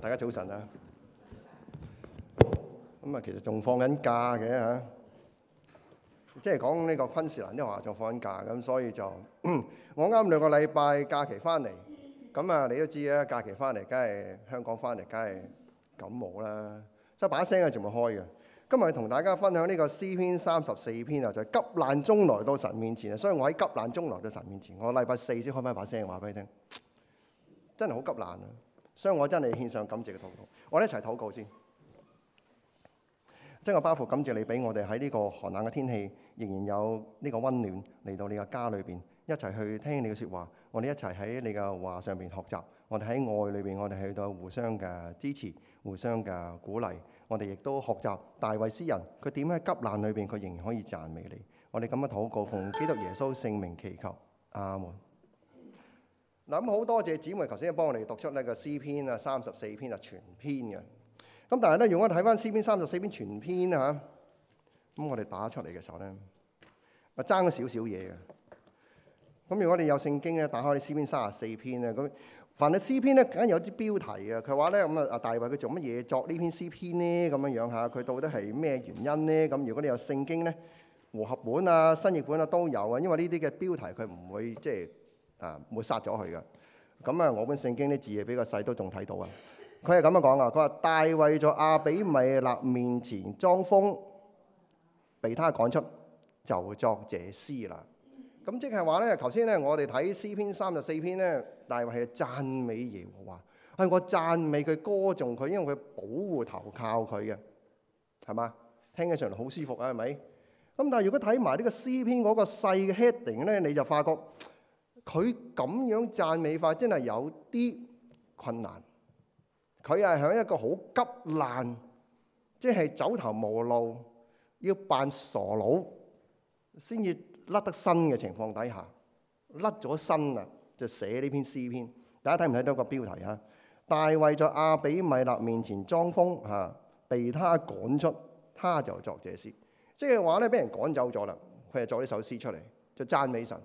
大家早晨啊！咁啊，其實仲放緊假嘅嚇，即係講呢個昆士蘭都話仲放緊假，咁所以就、嗯、我啱兩個禮拜假期翻嚟，咁啊你都知啊，假期翻嚟梗係香港翻嚟梗係感冒啦，即係把聲啊仲未開嘅。今日同大家分享呢個詩篇三十四篇啊，就是、急難中來到神面前啊，所以我喺急難中來到神面前。我禮拜四先開翻一把聲，話俾你聽，真係好急難啊！所以我真係獻上感謝嘅禱告，我哋一齊禱告先。即係爸父感謝你俾我哋喺呢個寒冷嘅天氣，仍然有呢個温暖嚟到你嘅家裏邊，一齊去聽你嘅説話。我哋一齊喺你嘅話上邊學習，我哋喺愛裏邊，我哋去到互相嘅支持，互相嘅鼓勵。我哋亦都學習大衛詩人，佢點喺急難裏邊，佢仍然可以讚美你。我哋咁樣禱告，奉基督耶穌聖名祈求，阿門。嗱，咁好多謝姊妹頭先啊幫我哋讀出呢個詩篇啊三十四篇啊全篇嘅。咁但係咧，如果我哋睇翻詩篇三十四篇全篇啊，咁我哋打出嚟嘅時候咧，啊爭少少嘢嘅。咁如果我哋有聖經咧，打開啲詩篇三十四篇啊。咁凡係詩篇咧，梗係有啲標題啊。佢話咧，咁啊啊大衛佢做乜嘢作呢篇詩篇咧？咁樣樣嚇，佢到底係咩原因咧？咁如果你有聖經咧，和合本啊、新譯本啊都有啊。因為呢啲嘅標題佢唔會即係。啊！抹殺咗佢嘅咁啊！我本聖經啲字嘢比較細，都仲睇到啊。佢係咁樣講啊。佢話： 大衛在亞比米勒面前裝瘋，被他趕出，就作這詩啦。咁即係話咧，頭先咧，我哋睇詩篇三十四篇咧，大衛係讚美耶和華，係我讚美佢歌頌佢，因為佢保護投靠佢嘅，係嘛？聽起上嚟好舒服啊，係咪？咁但係如果睇埋呢個詩篇嗰個細 heading 咧，你就發覺。佢咁樣讚美法真係有啲困難，佢係喺一個好急難，即係走投無路，要扮傻佬先至甩得身嘅情況底下，甩咗身啊，就寫呢篇詩篇。大家睇唔睇到個標題啊？大衛在亞比米勒面前裝瘋嚇，被他趕出，他就作這詩。即係話咧，俾人趕走咗啦，佢就作呢首詩出嚟，就讚美神。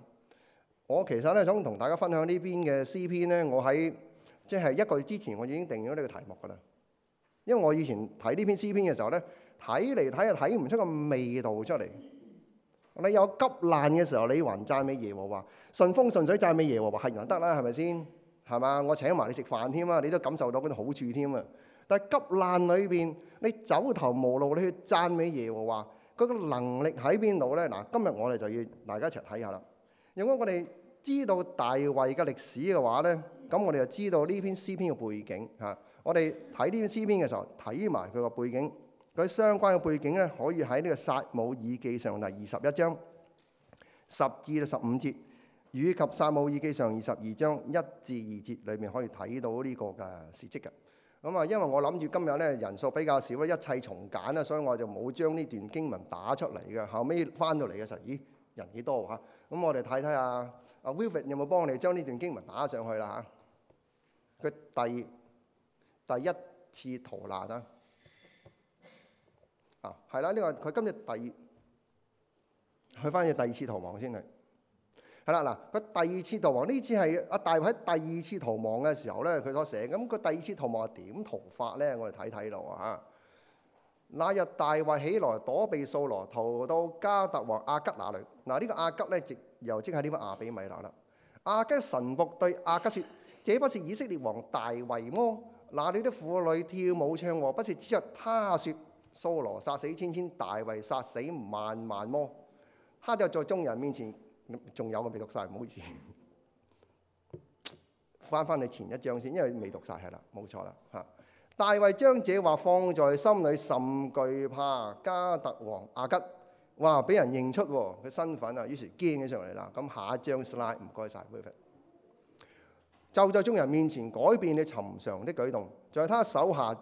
我其實咧想同大家分享呢篇嘅詩篇咧，我喺即係一個月之前，我已經定咗呢個題目噶啦。因為我以前睇呢篇詩篇嘅時候咧，睇嚟睇去，睇唔出個味道出嚟。你有急難嘅時候，你還讚美耶和華，順風順水讚美耶和華，係人得啦，係咪先？係嘛？我請埋你食飯添啊，你都感受到嗰啲好處添啊。但係急難裏邊，你走投無路，你去讚美耶和華，嗰個能力喺邊度咧？嗱，今日我哋就要大家一齊睇下啦。如果我哋知道大衛嘅歷史嘅話咧，咁我哋就知道呢篇詩篇嘅背景嚇、啊。我哋睇呢篇詩篇嘅時候，睇埋佢個背景，佢相關嘅背景咧，可以喺呢個撒母耳記上第二十一章十至十五節，以及撒母耳記上二十二章一至二節裏面可以睇到呢個嘅事蹟嘅。咁、嗯、啊，因為我諗住今日咧人數比較少啦，一切從簡啦，所以我就冇將呢段經文打出嚟嘅。後尾翻到嚟嘅時候，咦？人幾多喎？咁我哋睇睇啊，啊 Vivian 有冇幫你將呢段經文打上去啦？嚇、啊！佢第第一次逃難啊，啊係啦，呢、啊這個佢今日第佢翻去第二次逃亡先去，係啦嗱，佢、啊啊、第二次逃亡呢次係阿、啊、大衛喺第二次逃亡嘅時候咧，佢所寫，咁佢第二次逃亡係點逃法咧？我哋睇睇咯嚇。啊那日大衛起來躲避掃羅，逃到加特王亞吉那裏。嗱、啊，呢、這個亞吉咧，亦又即係呢個亞比米勒啦。亞吉、啊、神僕對亞吉説：這不是以色列王大衛麼？那裏的婦女跳舞唱和，不是指着他説：掃羅殺死千千，大衛殺死萬萬麼？他就在眾人面前，仲有我未讀曬，唔好意思，翻翻你前一章先，因為未讀晒係啦，冇錯啦嚇。大衛將這話放在心裏，甚懼怕加特王亞吉，哇！俾人認出佢、啊、身份啊，於是驚起上嚟啦。咁下一張 slide 唔該晒。就在眾人面前改變你尋常的舉動，在他手下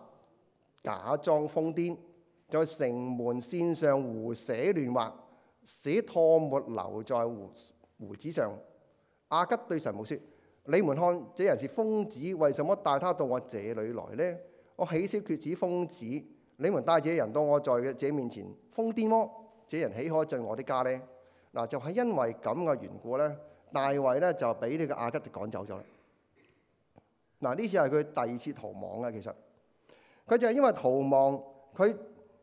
假裝瘋癲，在城門綫上胡寫亂畫，寫唾沫留在胡鬍子上。亞吉對神母説：你們看，這人是瘋子，為什麼帶他到我這裏來呢？我豈缺少瘋子，你們帶這人到我在嘅自己面前瘋癲麼？這人豈可進我的家呢？嗱，就係因為咁嘅緣故咧，大衛咧就俾呢個亞吉就趕走咗啦。嗱，呢次係佢第二次逃亡啊。其實佢就係因為逃亡，佢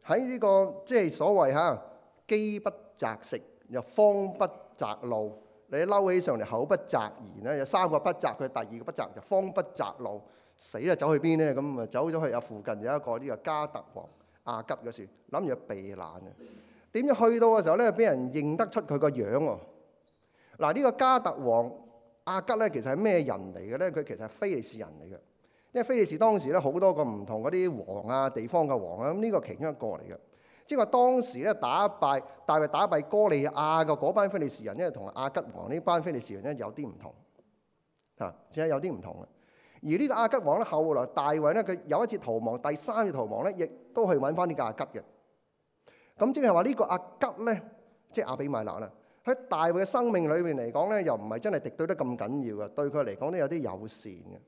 喺呢個即係、就是、所謂嚇飢不擇食又慌不擇路。你嬲起上嚟口不擇言咧，有三個不擇，佢第二個不擇就慌不擇路，死啦，走去邊咧？咁啊走咗去啊附近有一個呢個加特王亞吉嗰處，諗住避難啊。點知去到嘅時候咧，俾人認得出佢個樣喎。嗱、啊、呢、呢個加特王亞吉咧，其實係咩人嚟嘅咧？佢其實係菲利士人嚟嘅，因為菲利士當時咧好多個唔同嗰啲王啊，地方嘅王啊，咁呢、啊嗯呢個其中一個嚟嘅。即係話當時咧打敗大衛，打敗歌利亞嘅嗰班非利士人，因為同亞吉王呢班非利士人咧有啲唔同，嚇，即係有啲唔同嘅。而呢個亞吉王咧，後來大衛咧，佢有一次逃亡，第三次逃亡咧，亦都去揾翻呢個亞吉嘅。咁即係話呢個亞吉咧，即係亞比米勒啦，喺大衛嘅生命裏邊嚟講咧，又唔係真係敵對得咁緊要嘅，對佢嚟講都有啲友善嘅。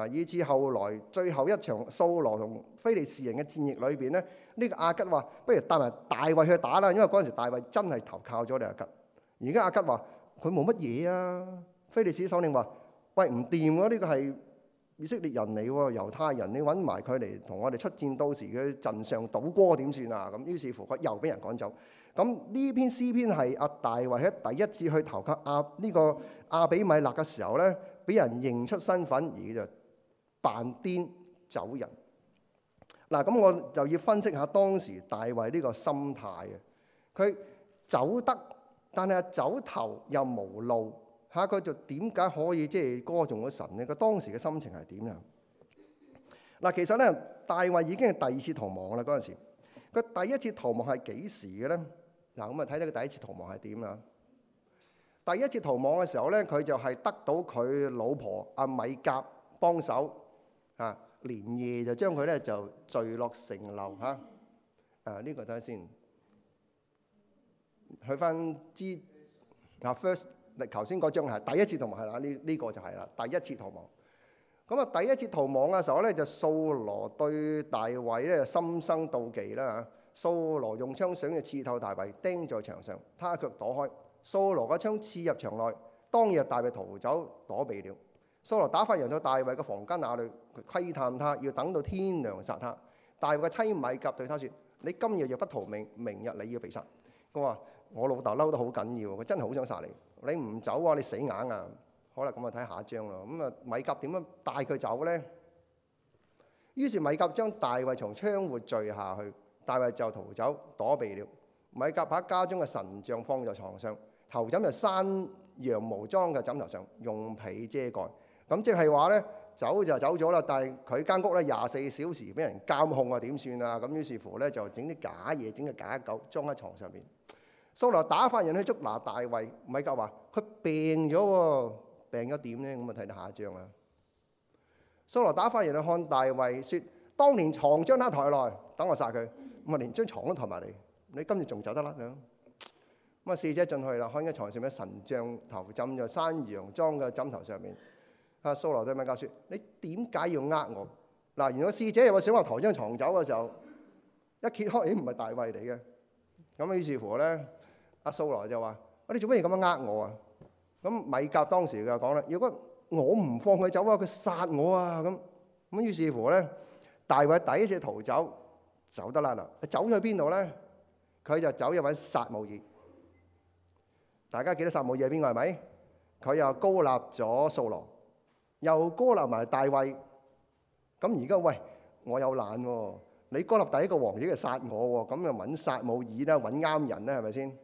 啊！以至後來最後一場掃羅同菲利士人嘅戰役裏邊咧，呢個阿吉話：不如帶埋大衛去打啦，因為嗰陣時大衛真係投靠咗你。阿吉。而家阿吉話：佢冇乜嘢啊！菲利士首領話：喂，唔掂喎，呢個係以色列人嚟喎，猶太人，你揾埋佢嚟同我哋出戰，到時佢陣上倒戈點算啊？咁於是乎佢又俾人趕走。咁呢篇詩篇係阿大衛喺第一次去投靠亞呢個阿比米勒嘅時候咧，俾人認出身份而就。扮癲走人嗱，咁我就要分析下當時大衛呢個心態啊！佢走得，但係走投又無路嚇，佢就點解可以即係歌頌咗神呢？佢當時嘅心情係點樣？嗱，其實咧，大衛已經係第二次逃亡啦。嗰陣時，佢第一次逃亡係幾時嘅咧？嗱，咁啊睇睇佢第一次逃亡係點啊！第一次逃亡嘅時候咧，佢就係得到佢老婆阿米甲幫手。啊！連夜就將佢咧就墜落城樓嚇。啊，呢、這個睇下先。去翻之嗱，First，頭先嗰張係第一次逃亡啦。呢呢個就係啦，第一次逃亡。咁、這、啊、個，第一次逃亡嘅、嗯、時候咧，就掃羅對大衛咧心生妒忌啦嚇。掃、啊、羅用槍想去刺透大衛，釘在牆上，他卻躲開。掃羅嘅槍刺入牆內，當日大衛逃走躲避了。掃羅打發人到大衛嘅房間，那裏佢窺探他，要等到天亮殺他。大衛嘅妻米甲對他說：你今日若不逃命，明日你要被殺。佢話：我老豆嬲得好緊要，佢真係好想殺你。你唔走啊，你死硬啊！好啦，咁啊睇下一張啦。咁、嗯、啊，米甲點樣帶佢走咧？於是米甲將大衛從窗戶墜下去，大衛就逃走躲避了。米甲把家中嘅神像放在床上，頭枕就山羊毛裝嘅枕頭上，用被遮蓋。咁即係話咧，走就走咗啦。但係佢間屋咧，廿四小時俾人監控啊，點算啊？咁於是乎咧，就整啲假嘢，整個假狗裝喺牀上面。掃羅打發人去捉拿大衛，米甲話：佢病咗喎，病咗點咧？咁啊睇到下一章啦。掃羅打發人去看大衛，說：當年牀將他抬來，等我殺佢。咁啊，連張牀都抬埋嚟，你今次仲走得甩？咁啊，使者進去啦，看張牀上面神像頭枕在山羊裝嘅枕頭上面。阿掃羅對米甲説：你點解要呃我？嗱，原來侍者又話想話抬張牀走嘅時候，一揭開，咦唔係大衛嚟嘅。咁於是乎咧，阿掃羅就話：你做咩要咁樣呃我啊？咁米甲當時就講啦：如果我唔放佢走啊，佢殺我啊！咁咁於是乎咧，大衛第一次逃走走得啦嗱，走咗去邊度咧？佢就走入揾撒母耳。大家記得撒母耳係邊個係咪？佢又膏立咗掃羅。又膏立埋大衛，咁而家喂，我有懶喎，你膏立第一個王已經係殺我喎，咁就揾撒母耳啦，揾啱人咧係咪先？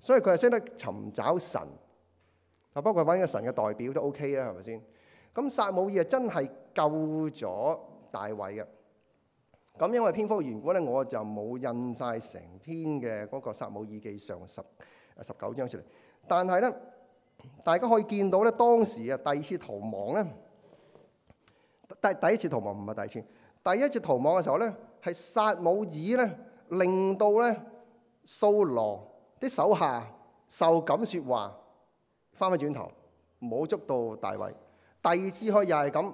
所以佢係識得尋找神，啊不過揾個神嘅代表都 OK 啦，係咪先？咁撒母耳啊真係救咗大衛嘅，咁因為篇幅嘅緣故咧，我就冇印曬成篇嘅嗰個撒母耳記上十啊十九章出嚟，但係咧。大家可以見到咧，當時啊，第二次逃亡咧，第第一次逃亡唔係，第二次，第一次逃亡嘅時候咧，係撒母耳咧，令到咧掃羅啲手下受感說話，翻翻轉頭，冇捉到大衛。第二次去又係咁，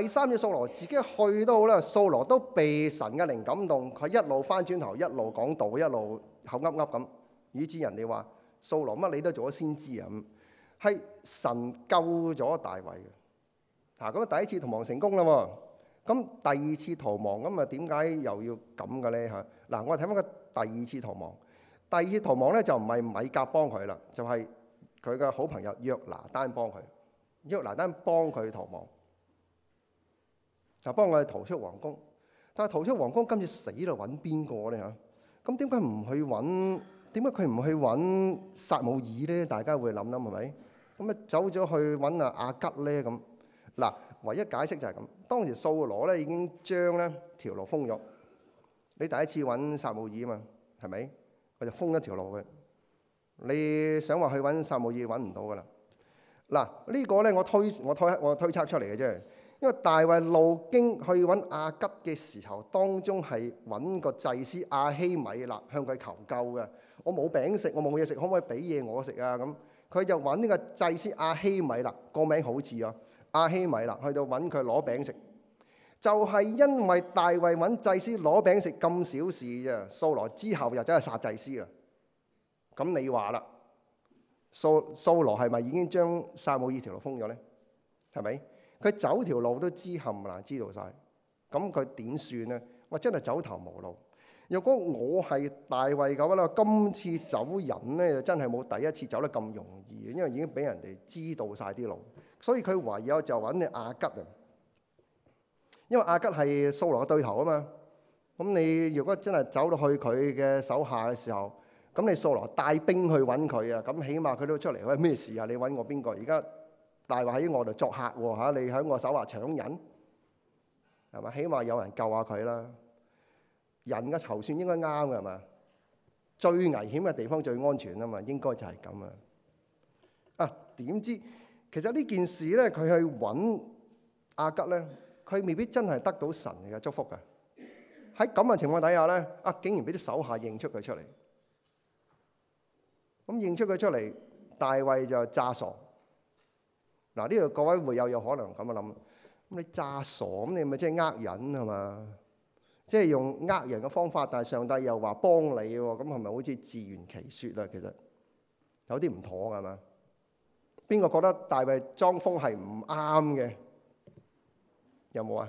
第三次掃羅自己去都好啦，掃羅都被神嘅靈感動，佢一路翻轉頭，一路講道，一路口噏噏咁，以致人哋話掃羅乜你都做咗先知啊咁。係神救咗大衛嘅，嗱，咁啊第一次逃亡成功啦喎，咁、啊、第二次逃亡，咁啊，點解又要咁嘅咧嚇？嗱、啊、我哋睇翻個第二次逃亡，第二次逃亡咧就唔係米格幫佢啦，就係佢嘅好朋友約拿丹幫佢，約拿丹幫佢逃亡，就幫佢逃出皇宮。但係逃出皇宮，今次死啦，揾邊個咧嚇？咁點解唔去揾？點解佢唔去揾撒母耳咧？大家會諗諗，係咪？咁啊，走咗去揾啊阿吉咧，咁嗱，唯一解釋就係咁。當時掃羅咧已經將咧條路封咗。你第一次揾撒母耳吖嘛，係咪？佢就封一條路嘅。你想話去揾撒母耳揾唔到噶啦。嗱、這個、呢個咧，我推我推我推測出嚟嘅啫。因為大衛路經去揾阿吉嘅時候，當中係揾個祭司亞希米勒向佢求救嘅。我冇餅食，我冇嘢食，可唔可以俾嘢我食啊？咁佢就揾呢個祭司阿希米勒，個名好似啊，阿希米勒去到揾佢攞餅食，就係、是、因為大衛揾祭司攞餅食咁小事啫。掃羅之後又真係殺祭司啦。咁你話啦，掃掃羅係咪已經將撒母耳條路封咗咧？係咪？佢走條路都知冚難知道晒。咁佢點算咧？我真係走投無路。若果我係大衛嘅話啦，今次走人咧，又真係冇第一次走得咁容易，因為已經俾人哋知道曬啲路，所以佢唯有就揾阿吉啊。因為阿吉係掃羅嘅對頭啊嘛。咁你若果真係走到去佢嘅手下嘅時候，咁你掃羅帶兵去揾佢啊，咁起碼佢都出嚟。喂，咩事啊？你揾我邊個？而家大衛喺我度作客喎嚇，你喺我手度搶人係嘛？起碼有人救下佢啦。人嘅籌算應該啱㗎係嘛？最危險嘅地方最安全啊嘛，應該就係咁啊！啊點知其實呢件事咧，佢去揾阿吉咧，佢未必真係得到神嘅祝福㗎。喺咁嘅情況底下咧，啊竟然俾啲手下認出佢出嚟。咁、啊、認出佢出嚟，大衛就詐傻。嗱呢度各位會友有可能咁樣諗：咁你詐傻咁，你咪即係呃人係嘛？即係用呃人嘅方法，但係上帝又話幫你喎，咁係咪好似自圓其説啊？其實有啲唔妥㗎嘛？邊個覺得大衛裝瘋係唔啱嘅？有冇啊？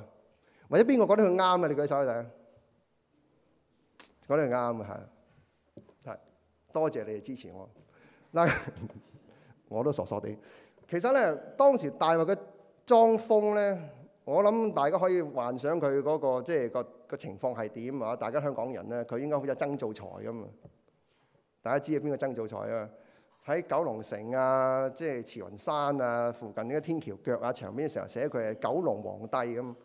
或者邊個覺得佢啱嘅？你舉手啊，睇下！覺得係啱嘅嚇，係多謝你嘅支持我。嗱， 我都傻傻哋。其實咧，當時大衛嘅裝瘋咧，我諗大家可以幻想佢嗰個即係個，就是那個個情況係點啊？大家香港人咧，佢應該好似有曾灶財咁啊！大家知係邊個曾灶財啊？喺九龍城啊，即係慈雲山啊附近呢個天橋腳啊牆邊嘅時候寫佢係九龍皇帝咁。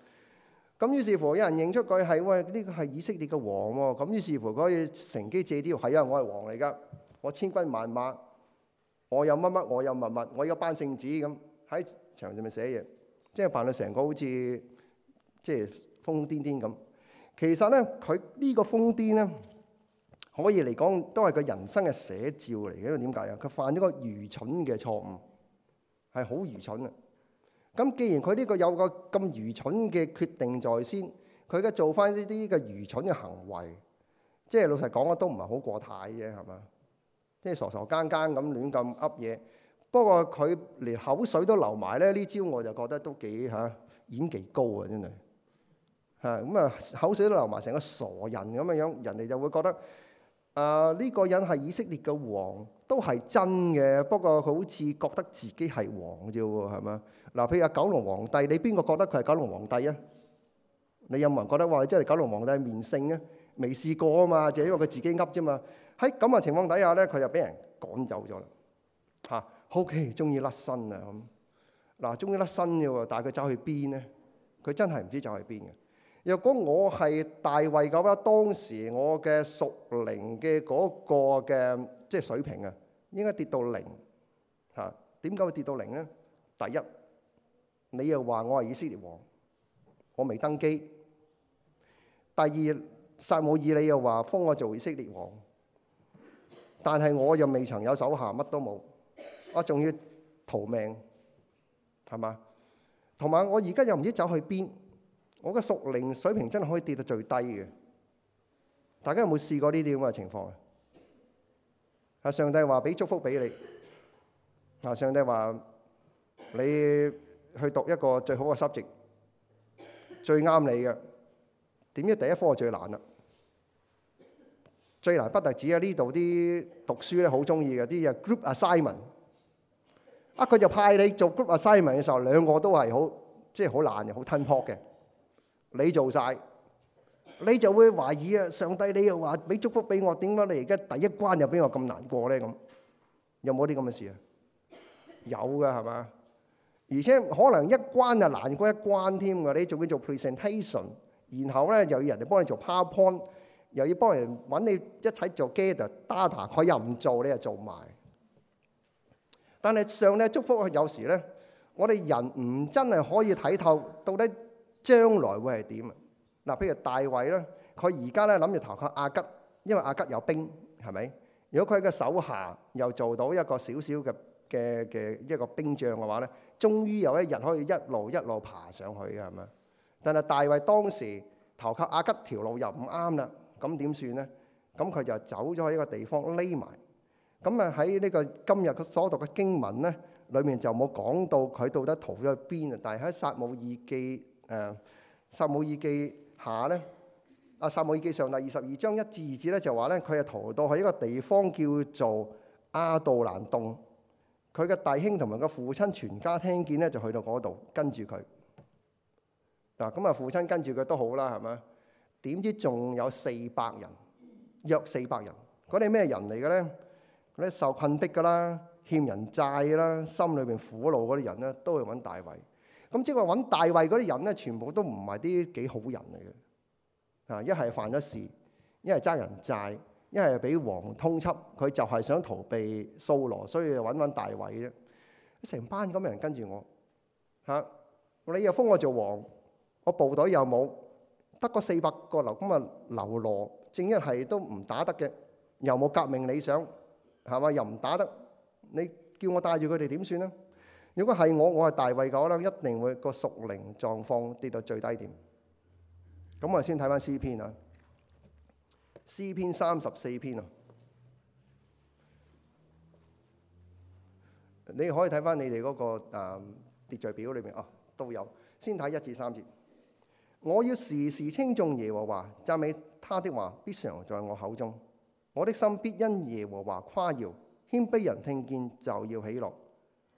咁、啊、於是乎有人認出佢係喂，呢個係以色列嘅王喎。咁、啊、於是乎佢可以乘機借啲係啊，因為我係王嚟㗎，我千軍萬馬，我有乜乜，我有密密，我有班聖子咁喺牆上面寫嘢，即係扮到成個好似即係瘋瘋癲癲咁。其實咧，佢呢個瘋癲咧，可以嚟講都係個人生嘅寫照嚟嘅。因為點解啊？佢犯咗個愚蠢嘅錯誤，係好愚蠢啊！咁既然佢呢個有個咁愚蠢嘅決定在先，佢而家做翻呢啲嘅愚蠢嘅行為，即係老實講啊，都唔係好過態啫，係嘛？即係傻傻更更咁亂咁噏嘢。不過佢連口水都流埋咧，呢招我就覺得都幾嚇、啊、演技高啊！真係。嚇咁啊，口水都流埋，成個傻人咁嘅樣，人哋就會覺得啊呢、呃這個人係以色列嘅王，都係真嘅。不過佢好似覺得自己係王啫喎，係咪啊？嗱，譬如九龍皇帝，你邊個覺得佢係九龍皇帝啊？你有冇人覺得話即係九龍皇帝面聖啊？未試過啊嘛，就因為佢自己噏啫嘛。喺咁嘅情況底下咧，佢就俾人趕走咗啦。嚇，OK 中意甩身啊！咁嗱，中意甩身嘅喎，但係佢走去邊咧？佢真係唔知走去邊嘅。若果我係大衛咁啦，當時我嘅屬靈嘅嗰個嘅即係水平啊，應該跌到零嚇？點解會跌到零咧？第一，你又話我係以色列王，我未登基；第二，撒母耳你又話封我做以色列王，但係我又未曾有手下，乜都冇，我仲要逃命，係嘛？同埋我而家又唔知走去邊。我嘅屬靈水平真係可以跌到最低嘅。大家有冇試過呢啲咁嘅情況啊？啊！上帝話俾祝福俾你。啊！上帝話你去讀一個最好嘅 subject，最啱你嘅。點知第一科最難啦。最難不特止喺呢度啲讀書咧，好中意嘅啲啊 group assignment 啊，佢就派你做 group assignment 嘅時候，兩個都係好即係好懶嘅，好、就是、吞撲嘅。你做晒，你就會懷疑啊！上帝，你又話俾祝福俾我，點解你而家第一關又俾我咁難過咧？咁有冇啲咁嘅事啊？有噶係嘛？而且可能一關就難過一關添。你仲要做 presentation，然後咧又要人哋幫你做 powerpoint，又要幫人揾你一齊做 gather data，佢又唔做，你又做埋。但係上帝祝福有時咧，我哋人唔真係可以睇透到底。將來會係點啊？嗱，譬如大衛咧，佢而家咧諗住投靠亞吉，因為亞吉有兵，係咪？如果佢嘅手下又做到一個小小嘅嘅嘅一個兵將嘅話咧，終於有一日可以一路一路爬上去嘅，係咪？但係大衛當時投靠亞吉條路又唔啱啦，咁點算咧？咁佢就走咗去一個地方匿埋。咁啊喺呢個今日嘅所讀嘅經文咧，裡面就冇講到佢到底逃咗去邊啊。但係喺撒母耳記。誒《撒母耳記下》呢咧、啊，《阿撒母耳記上》第二十二章一至二節咧就話咧，佢係逃到去一個地方叫做亞杜蘭洞。佢嘅弟兄同埋個父親全家聽見咧，就去到嗰度跟住佢。嗱咁啊、嗯，父親跟住佢都好啦，係咪？點知仲有四百人，約四百人。嗰啲咩人嚟嘅咧？嗰啲受困逼噶啦，欠人債啦，心裏邊苦惱嗰啲人咧，都去揾大衛。咁即係揾大衛嗰啲人咧，全部都唔係啲幾好人嚟嘅，啊！一係犯咗事，一係爭人債，一係俾王通緝，佢就係想逃避掃羅，所以揾揾大衛啫。成班咁嘅人跟住我，嚇、啊！你又封我做王，我部隊又冇，得個四百個流咁啊流羅，正一係都唔打得嘅，又冇革命理想，係嘛？又唔打得，你叫我帶住佢哋點算啊？如果係我，我係大胃狗啦，我一定會個屬靈狀況跌到最低點。咁我先睇翻詩篇啊，詩篇三十四篇啊，你可以睇翻你哋嗰、那個、嗯、秩序表裏面啊，都有。先睇一至三節，我要時時稱頌耶和華，讚美他的話必常在我口中，我的心必因耶和華誇耀，謙卑人聽見就要喜樂。」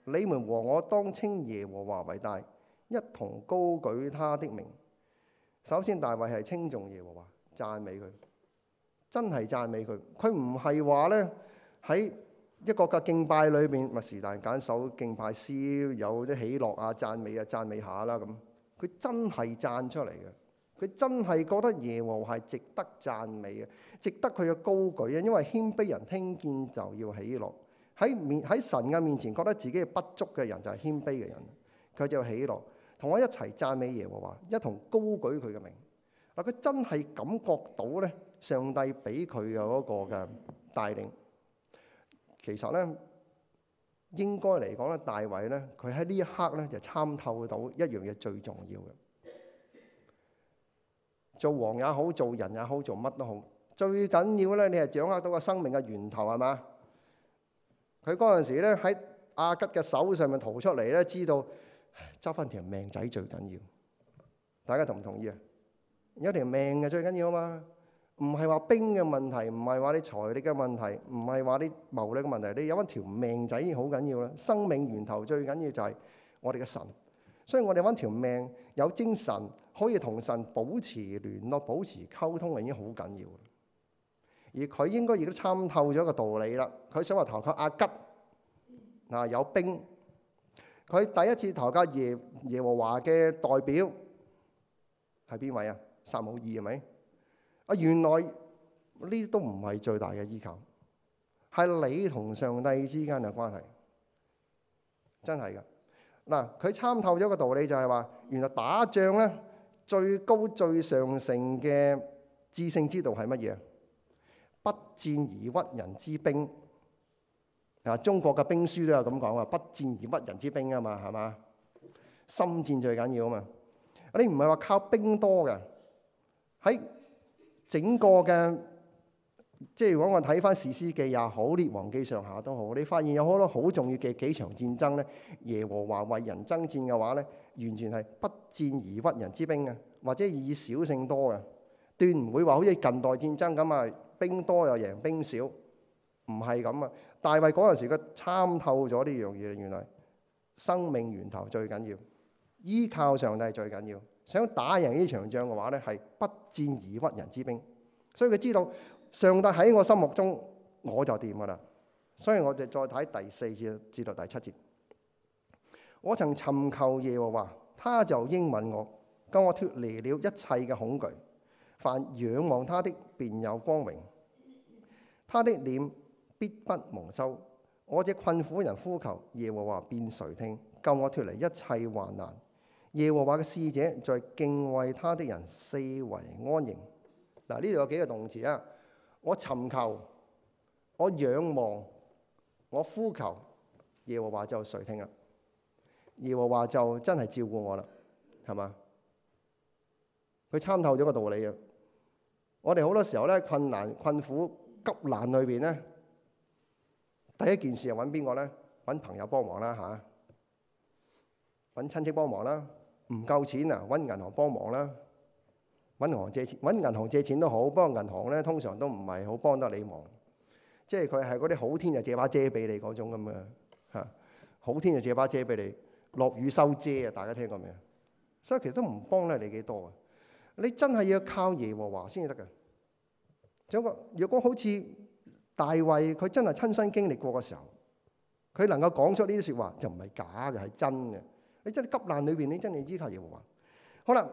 你們和我當稱耶和華為大，一同高舉他的名。首先，大衛係稱重耶和華，讚美佢，真係讚美佢。佢唔係話咧喺一個嘅敬拜裏邊，咪是但揀首敬拜詩有啲喜樂啊，讚美啊，讚美下啦咁。佢真係讚出嚟嘅，佢真係覺得耶和華係值得讚美嘅，值得佢嘅高舉啊，因為謙卑人聽見就要喜樂。喺面喺神嘅面前，覺得自己不足嘅人就係謙卑嘅人。佢就喜樂，同我一齊讚美耶和華，一同高舉佢嘅名。嗱，佢真係感覺到咧，上帝俾佢嘅嗰個嘅帶領。其實咧，應該嚟講咧，大衛咧，佢喺呢一刻咧就參透到一樣嘢最重要嘅。做王也好，做人也好，做乜都好，最緊要咧，你係掌握到個生命嘅源頭，係嘛？佢嗰陣時咧喺阿吉嘅手上面逃出嚟咧，知道唉，揸翻條命仔最緊要。大家同唔同意啊？有條命嘅最緊要啊嘛！唔係話兵嘅問題，唔係話你財力嘅問題，唔係話你謀略嘅問題，你有翻條命仔已經好緊要啦。生命源頭最緊要就係我哋嘅神，所以我哋有翻條命有精神可以同神保持聯絡、保持溝通，已經好緊要。而佢應該亦都參透咗一個道理啦。佢想話投靠阿吉嗱有兵，佢第一次投靠耶耶和華嘅代表係邊位啊？撒母耳係咪啊？原來呢都唔係最大嘅依靠，係你同上帝之間嘅關係，真係嘅嗱。佢參透咗一個道理就，就係話原來打仗咧最高最上乘嘅制勝之道係乜嘢？不戰而屈人之兵，啊！中國嘅兵書都有咁講啊！不戰而屈人之兵啊嘛，係嘛？心戰最緊要啊嘛！你唔係話靠兵多嘅，喺整個嘅，即係如果我睇翻《士師記》又好，《列王記》上下都好，你發現有好多好重要嘅幾場戰爭咧，耶和華為人爭戰嘅話咧，完全係不戰而屈人之兵嘅，或者以少勝多嘅，斷唔會話好似近代戰爭咁啊！兵多又贏，兵少唔係咁啊！大衛嗰陣時佢參透咗呢樣嘢，原來生命源頭最緊要，依靠上帝最緊要。想打贏呢場仗嘅話咧，係不戰而屈人之兵。所以佢知道上帝喺我心目中，我就掂噶啦。所以我哋再睇第四節至到第七節。我曾尋求耶和華，他就應允我，救我脫離了一切嘅恐懼。凡仰望他的，便有光榮。他的臉必不蒙羞，我這困苦人呼求耶和華，便垂聽，救我脱離一切患難。耶和華嘅使者在敬畏他的人四圍安營。嗱、啊，呢度有幾個動詞啊？我尋求，我仰望，我呼求耶和華，就垂聽啦。耶和華就，就真係照顧我啦，係嘛？佢參透咗個道理啊！我哋好多時候咧，困難、困苦。急難裏邊咧，第一件事係揾邊個咧？揾朋友幫忙啦嚇，揾親戚幫忙啦，唔夠錢啊揾銀行幫忙啦，揾銀行借錢，揾銀行借錢都好。不過銀行咧通常都唔係好幫得你忙，即係佢係嗰啲好天就借把遮俾你嗰種咁嘅嚇，好天就借把遮俾你，落雨收遮啊！大家聽過未啊？所以其實都唔幫得你幾多啊！你真係要靠耶和華先至得嘅。如果若果好似大衛佢真係親身經歷過嘅時候，佢能夠講出呢啲說話就唔係假嘅，係真嘅。你真係急難裏邊，你真係依靠耶和華。好啦，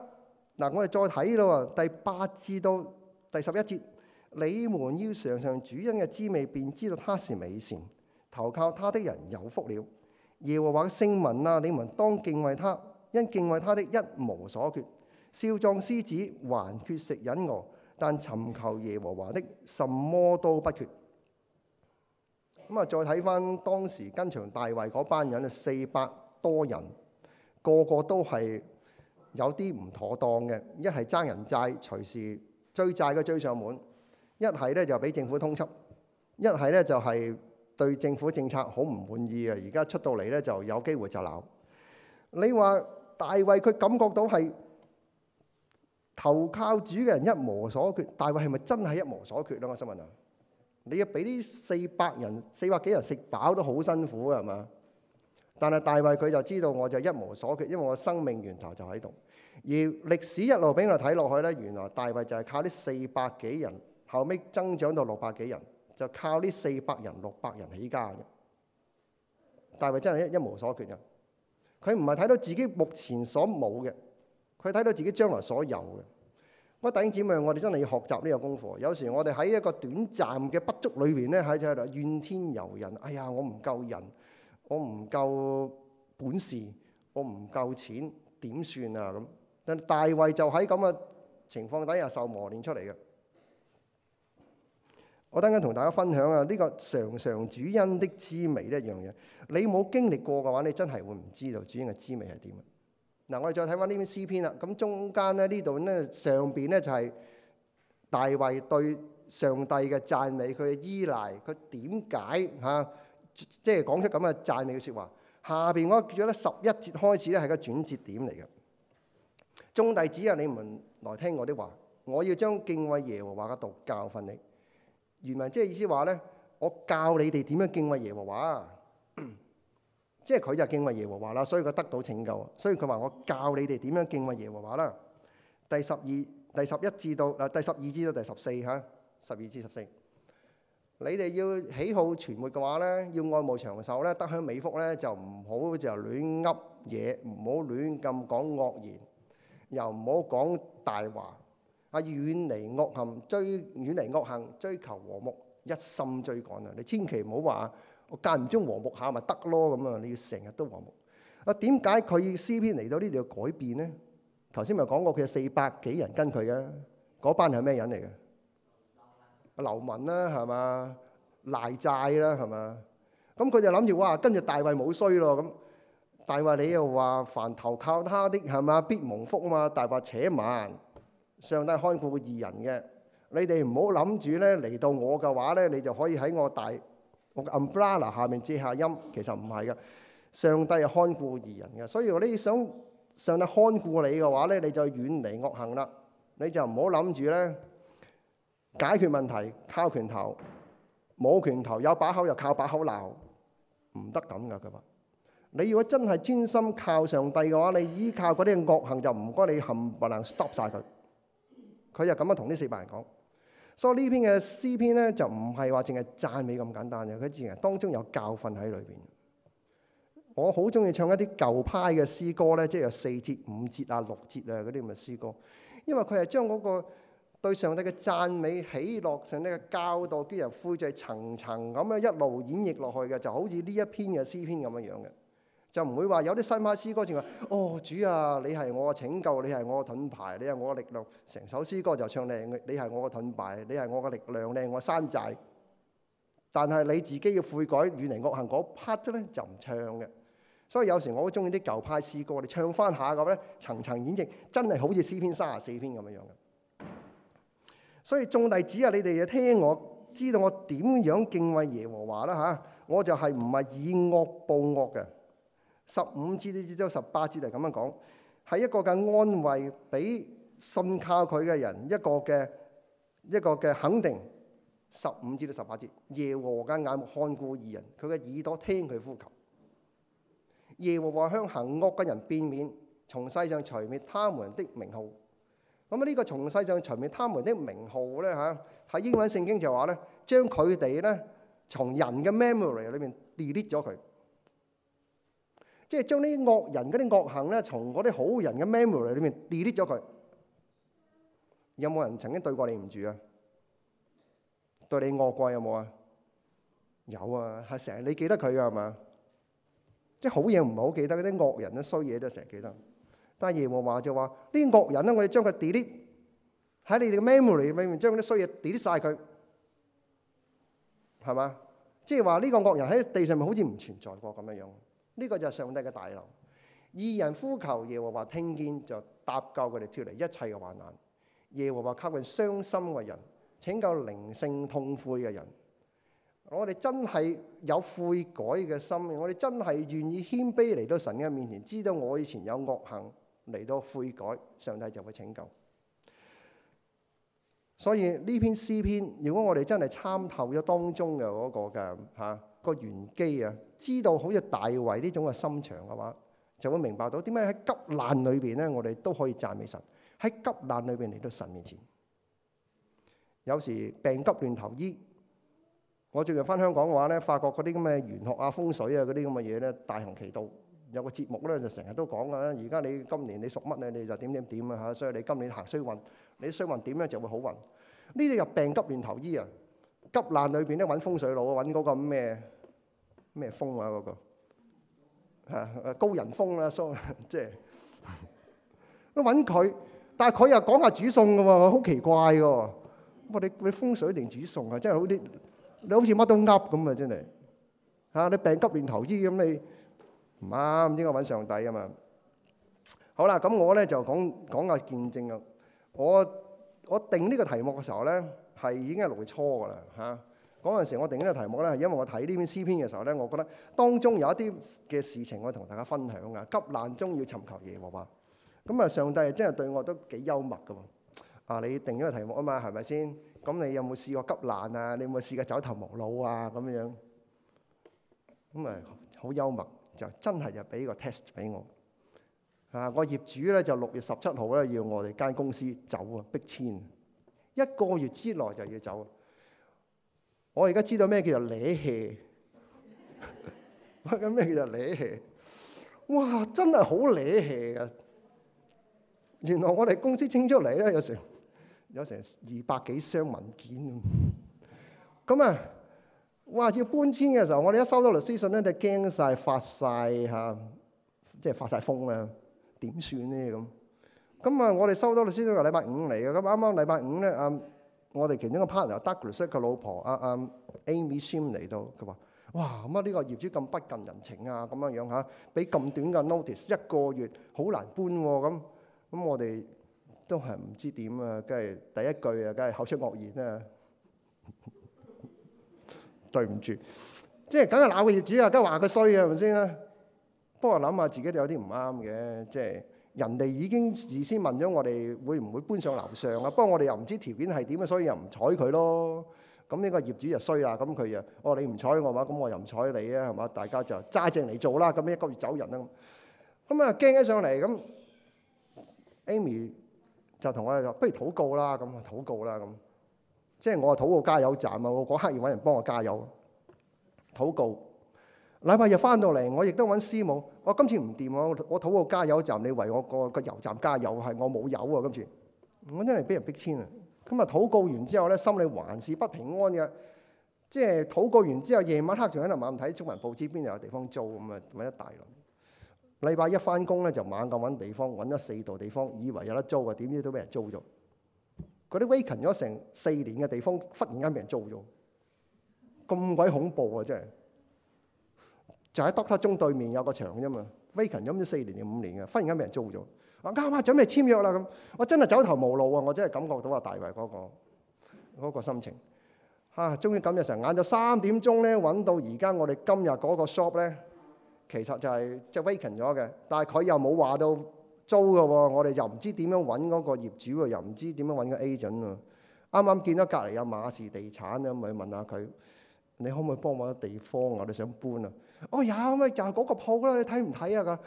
嗱我哋再睇咯，第八至到第十一節，你們要嘗嘗主恩嘅滋味，便知道他是美善，投靠他的人有福了。耶和華嘅聖民啊，你們當敬畏他，因敬畏他的一無所缺。少壯獅子還缺食忍餓，呃。但尋求耶和華的，什麼都不缺。咁啊，再睇翻當時跟隨大衛嗰班人啊，四百多人，個個都係有啲唔妥當嘅。一係爭人債，隨時追債都追上門；一係咧就俾政府通緝；一係咧就係對政府政策好唔滿意嘅。而家出到嚟咧就有機會就鬧。你話大衛佢感覺到係？投靠主嘅人一無所缺，大衛係咪真係一無所缺咧？我想問啊，你要俾啲四百人、四百幾人食飽都好辛苦啊，係嘛？但係大衛佢就知道我就一無所缺，因為我生命源頭就喺度。而歷史一路俾我睇落去咧，原來大衛就係靠呢四百幾人，後尾增長到六百幾人，就靠呢四百人、六百人起家嘅。大衛真係一一無所缺嘅，佢唔係睇到自己目前所冇嘅。佢睇到自己將來所有嘅，我提醒姊妹，我哋真係要學習呢個功課。有時我哋喺一個短暫嘅不足裏邊咧，喺度怨天尤人。哎呀，我唔夠人，我唔夠本事，我唔夠錢，點算啊咁？但大衛就喺咁嘅情況底下受磨練出嚟嘅。我等陣同大家分享啊，呢、這個嘗嘗主恩的滋味的一樣嘢，你冇經歷過嘅話，你真係會唔知道主恩嘅滋味係點。嗱，我哋再睇翻呢篇詩篇啦。咁中間咧，呢度咧上邊咧就係、是，大衛對上帝嘅讚美，佢嘅依賴，佢點解嚇即係講出咁嘅讚美嘅説話。下邊我記得咧，十一節開始咧係個轉節點嚟嘅。眾弟子啊，你們來聽我的話，我要將敬畏耶和華嘅道教訓你。原文即係意思話咧，我教你哋點樣敬畏耶和華啊。即係佢就敬畏耶和華啦，所以佢得到拯救。所以佢話：我教你哋點樣敬畏耶和華啦。第十二、第十一至到啊，第十二至到第十四吓，十二至十四。你哋要喜好存活嘅話咧，要愛慕長壽咧，得享美福咧，就唔好就亂噏嘢，唔好亂咁講惡言，又唔好講大話。啊，遠離惡行，追遠離惡行，追求和睦，一心追趕啊！你千祈唔好話。我間唔中和睦下咪得咯咁啊！你要成日都和睦啊？點解佢詩篇嚟到呢度要改變咧？頭先咪講過佢有四百幾人跟佢嘅，啊，嗰班係咩人嚟嘅？流民啦，啊，係嘛？賴債啦，啊，係嘛？咁佢、啊、就諗住哇，跟住大衛冇衰咯咁。大衛你又話凡投靠他的，係嘛，必蒙福啊嘛。大話扯慢，上帝看顧義人嘅，你哋唔好諗住咧嚟到我嘅話咧，你就可以喺我大。我個 umbrella 下面遮下陰，其實唔係噶。上帝係看顧義人嘅，所以如果你想上帝看顧你嘅話咧，你就遠離惡行啦。你就唔好諗住咧解決問題靠拳頭，冇拳頭有把口又靠把口鬧，唔得咁噶。佢話：你如果真係專心靠上帝嘅話，你依靠嗰啲惡行就唔該你冚唪唥 stop 曬佢。佢就咁樣同呢四百人講。所以、so，呢篇嘅詩篇咧，就唔係話淨係讚美咁簡單嘅，佢自然當中有教訓喺裏邊。我好中意唱一啲舊派嘅詩歌咧，即係有四節、五節啊、六節啊嗰啲咁嘅詩歌，因為佢係將嗰個對上帝嘅讚美喜樂上呢嘅教導啲人灰醉層層咁樣一路演繹落去嘅，就好似呢一篇嘅詩篇咁樣樣嘅。就唔會話有啲新派詩歌，就話哦主啊，你係我嘅拯救，你係我嘅盾牌，你係我嘅力量。成首詩歌就唱靚嘅，你係我嘅盾牌，你係我嘅力量，你係我山寨。但係你自己要悔改遠離惡行嗰 part 咧，就唔唱嘅。所以有時我好中意啲舊派詩歌你唱翻下咁咧，層層演繹，真係好似詩篇三十四篇咁樣樣嘅。所以眾弟兄啊，你哋要聽我知道我點樣敬畏耶和華啦嚇，我就係唔係以惡報惡嘅。十五至到十八節係咁樣講，係一個嘅安慰，俾信靠佢嘅人一個嘅一個嘅肯定。十五至到十八節，耶和華眼目看顧義人，佢嘅耳朵聽佢呼求。耶和華向行惡嘅人變面，從世上除滅他們的名號。咁啊，呢個從世上除滅他們的名號咧嚇，喺、啊、英文聖經就話咧，將佢哋咧從人嘅 memory 裏面 delete 咗佢。即係將呢啲惡人嗰啲惡行咧，從嗰啲好人嘅 memory 裏面 delete 咗佢。有冇人曾經對過你唔住啊？對你惡過有冇啊？有啊，係成日你記得佢噶係嘛？即係好嘢唔係好記得，嗰啲惡人嘅衰嘢都成日記得。但係耶和華就話：呢惡人咧，我哋將佢 delete 喺你哋嘅 memory 裏面，將嗰啲衰嘢 delete 晒佢。係嘛？即係話呢個惡人喺地上面好似唔存在過咁樣樣。呢個就係上帝嘅大樓。義人呼求，耶和華聽見就搭救佢哋脫離一切嘅患難。耶和華靠近傷心嘅人，拯救靈性痛悔嘅人。我哋真係有悔改嘅心，我哋真係願意謙卑嚟到神嘅面前，知道我以前有惡行嚟到悔改，上帝就會拯救。所以呢篇詩篇，如果我哋真係參透咗當中嘅嗰、那個嘅吓。啊個玄機啊，知道好似大衛呢種嘅心腸嘅話，就會明白到點解喺急難裏邊咧，我哋都可以讚美神喺急難裏邊嚟到神面前。有時病急亂投醫，我最近翻香港嘅話咧，發覺嗰啲咁嘅玄學啊、風水啊嗰啲咁嘅嘢咧，大行其道。有個節目咧就成日都講啊，而家你今年你屬乜你你就點點點啊嚇，所以你今年行衰運，你衰運點咧就會好運。呢啲又病急亂投醫啊，急難裏邊咧揾風水佬揾嗰個咩？咩風啊？嗰個嚇，高人風啦，所以即係都揾佢，但係佢又講下煮餸嘅喎，好奇怪喎！我話你你風水定煮餸啊？真係好啲，你好似乜都噏咁啊！真係嚇，你病急亂投醫咁你唔啱，應該揾上帝啊嘛！好啦，咁我咧就講講下見證啊！我我定呢個題目嘅時候咧，係已經係六月初嘅啦嚇。嗰陣時，我定呢個題目咧，係因為我睇呢篇詩篇嘅時候咧，我覺得當中有一啲嘅事情，我同大家分享啊。急難中要尋求耶和華。咁啊，上帝真係對我都幾幽默嘅喎。啊，你定咗個題目啊嘛，係咪先？咁你有冇試過急難啊？你有冇試過走投無路啊？咁樣咁啊，好幽默，就真係就俾個 test 俾我啊。個業主咧就六月十七號咧要我哋間公司走啊，逼遷，一個月之內就要走。我而家知道咩叫做累氣，我講咩叫做累氣，哇！真係好累氣啊！原來我哋公司清出嚟咧，有成有成二百幾箱文件咁。咁啊，哇！要搬遷嘅時候，我哋一收到律師信咧，就驚曬、發曬嚇，即係發曬瘋啊！點算咧咁？咁啊，我哋收到律師信又禮拜五嚟嘅，咁啱啱禮拜五咧啊！我哋其中一個 partner，Douglas 嘅老婆阿阿 Amy Sim 嚟到，佢話：哇咁啊，呢、這個業主咁不近人情啊，咁樣樣嚇，俾咁短嘅 notice，一個月好難搬喎。咁咁我哋都係唔知點啊，梗係、啊、第一句啊，梗係口出惡言啊。呵呵對唔住，即係梗係鬧個業主啊，梗係話佢衰啊，係咪先啊？不過諗下自己都有啲唔啱嘅，即係。人哋已經事先問咗我哋會唔會搬上樓上啊？不過我哋又唔知條件係點啊，所以又唔睬佢咯。咁呢個業主就衰啦。咁佢又哦你唔睬我嘛？咁我又唔睬你啊？係嘛？大家就揸正嚟做啦。咁樣一個月走人啦。咁咁啊驚起上嚟咁。Amy 就同我哋就不如禱告啦。咁啊禱告啦。咁即係我啊禱告加油站啊！我嗰刻要揾人幫我加油。禱告。禮拜日翻到嚟，我亦都揾師母。我今次唔掂，我我禱告加油站，你為我個個油站加油係我冇油啊！今次我真係俾人逼遷啊！咁啊，禱告完之後咧，心理還是不平安嘅。即係禱告完之後，夜晚黑仲喺度猛睇《中文報紙》，邊度有地方租咁啊？揾一大輪。禮拜一翻工咧，就猛咁揾地方，揾咗四度地方，以為有得租啊，點知都俾人租咗。嗰啲 vacant 咗成四年嘅地方，忽然間俾人租咗，咁鬼恐怖啊！真係。就喺 Doctor 中對面有個場啫嘛，vacant 咗唔知四年定五年嘅，忽然間俾人租咗。我啱啱準備簽約啦咁，我真係走投無路啊！我真係感覺到啊，大衛嗰個嗰個心情嚇，終於今日成晏晝三點鐘咧，揾到而家我哋今日嗰個 shop 咧，其實就係即係 vacant 咗嘅，但係佢又冇話到租嘅喎，我哋又唔知點樣揾嗰個業主喎，又唔知點樣揾個 agent 喎。啱啱見到隔離有馬氏地產咧，咪問下佢。你可唔可以幫我啲地方啊？我想搬啊！我有咩就係嗰個鋪啦，你睇唔睇啊？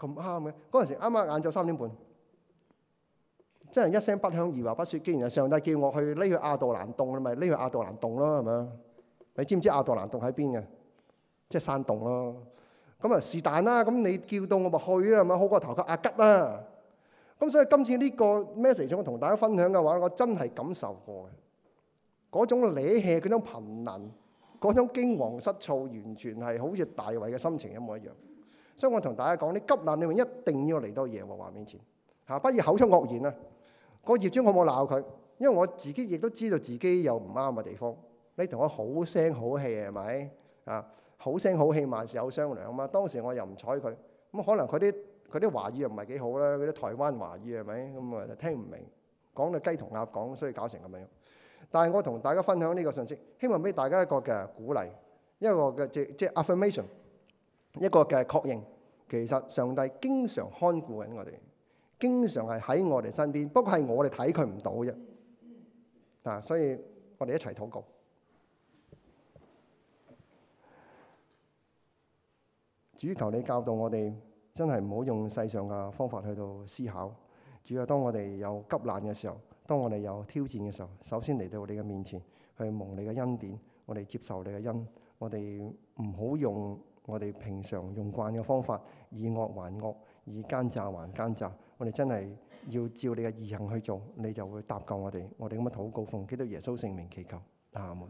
咁啱嘅嗰陣時，啱啱晏晝三點半，真係一聲不響，二話不說，既然上帝叫我去匿去亞杜蘭洞，咪匿去亞杜蘭洞咯，係咪啊？你知唔知亞杜蘭洞喺邊啊？即係山洞咯。咁啊是但啦。咁你叫到我咪去啦，咪好過投靠阿吉啦。咁所以今次呢個 message 我同大家分享嘅話，我真係感受過嘅嗰種瀨氣，嗰種頻能。嗰種驚惶失措，完全係好似大衛嘅心情一模一樣。所以我同大家講咧，急難裡面一定要嚟到耶和華面前，嚇、啊，不要口出惡言啊！那個業主可冇可鬧佢？因為我自己亦都知道自己有唔啱嘅地方。你同我好聲好氣係咪？啊，好聲好氣，萬事有商量啊嘛。當時我又唔睬佢，咁可能佢啲佢啲華語又唔係幾好啦，佢啲台灣華語係咪？咁啊、嗯、聽唔明，講到雞同鴨講，所以搞成咁樣。但係我同大家分享呢個信息，希望俾大家一個嘅鼓勵，一個嘅即即、係、affirmation，一個嘅確認。其實上帝經常看顧緊我哋，經常係喺我哋身邊，不過係我哋睇佢唔到啫。啊，所以我哋一齊禱告。主，求你教導我哋，真係唔好用世上嘅方法去到思考。主要當我哋有急難嘅時候。當我哋有挑戰嘅時候，首先嚟到你嘅面前，去蒙你嘅恩典，我哋接受你嘅恩，我哋唔好用我哋平常用慣嘅方法以惡還惡，以奸詐還奸詐，我哋真係要照你嘅意行去做，你就會搭救我哋。我哋咁樣禱告奉基督耶穌聖名祈求，阿門。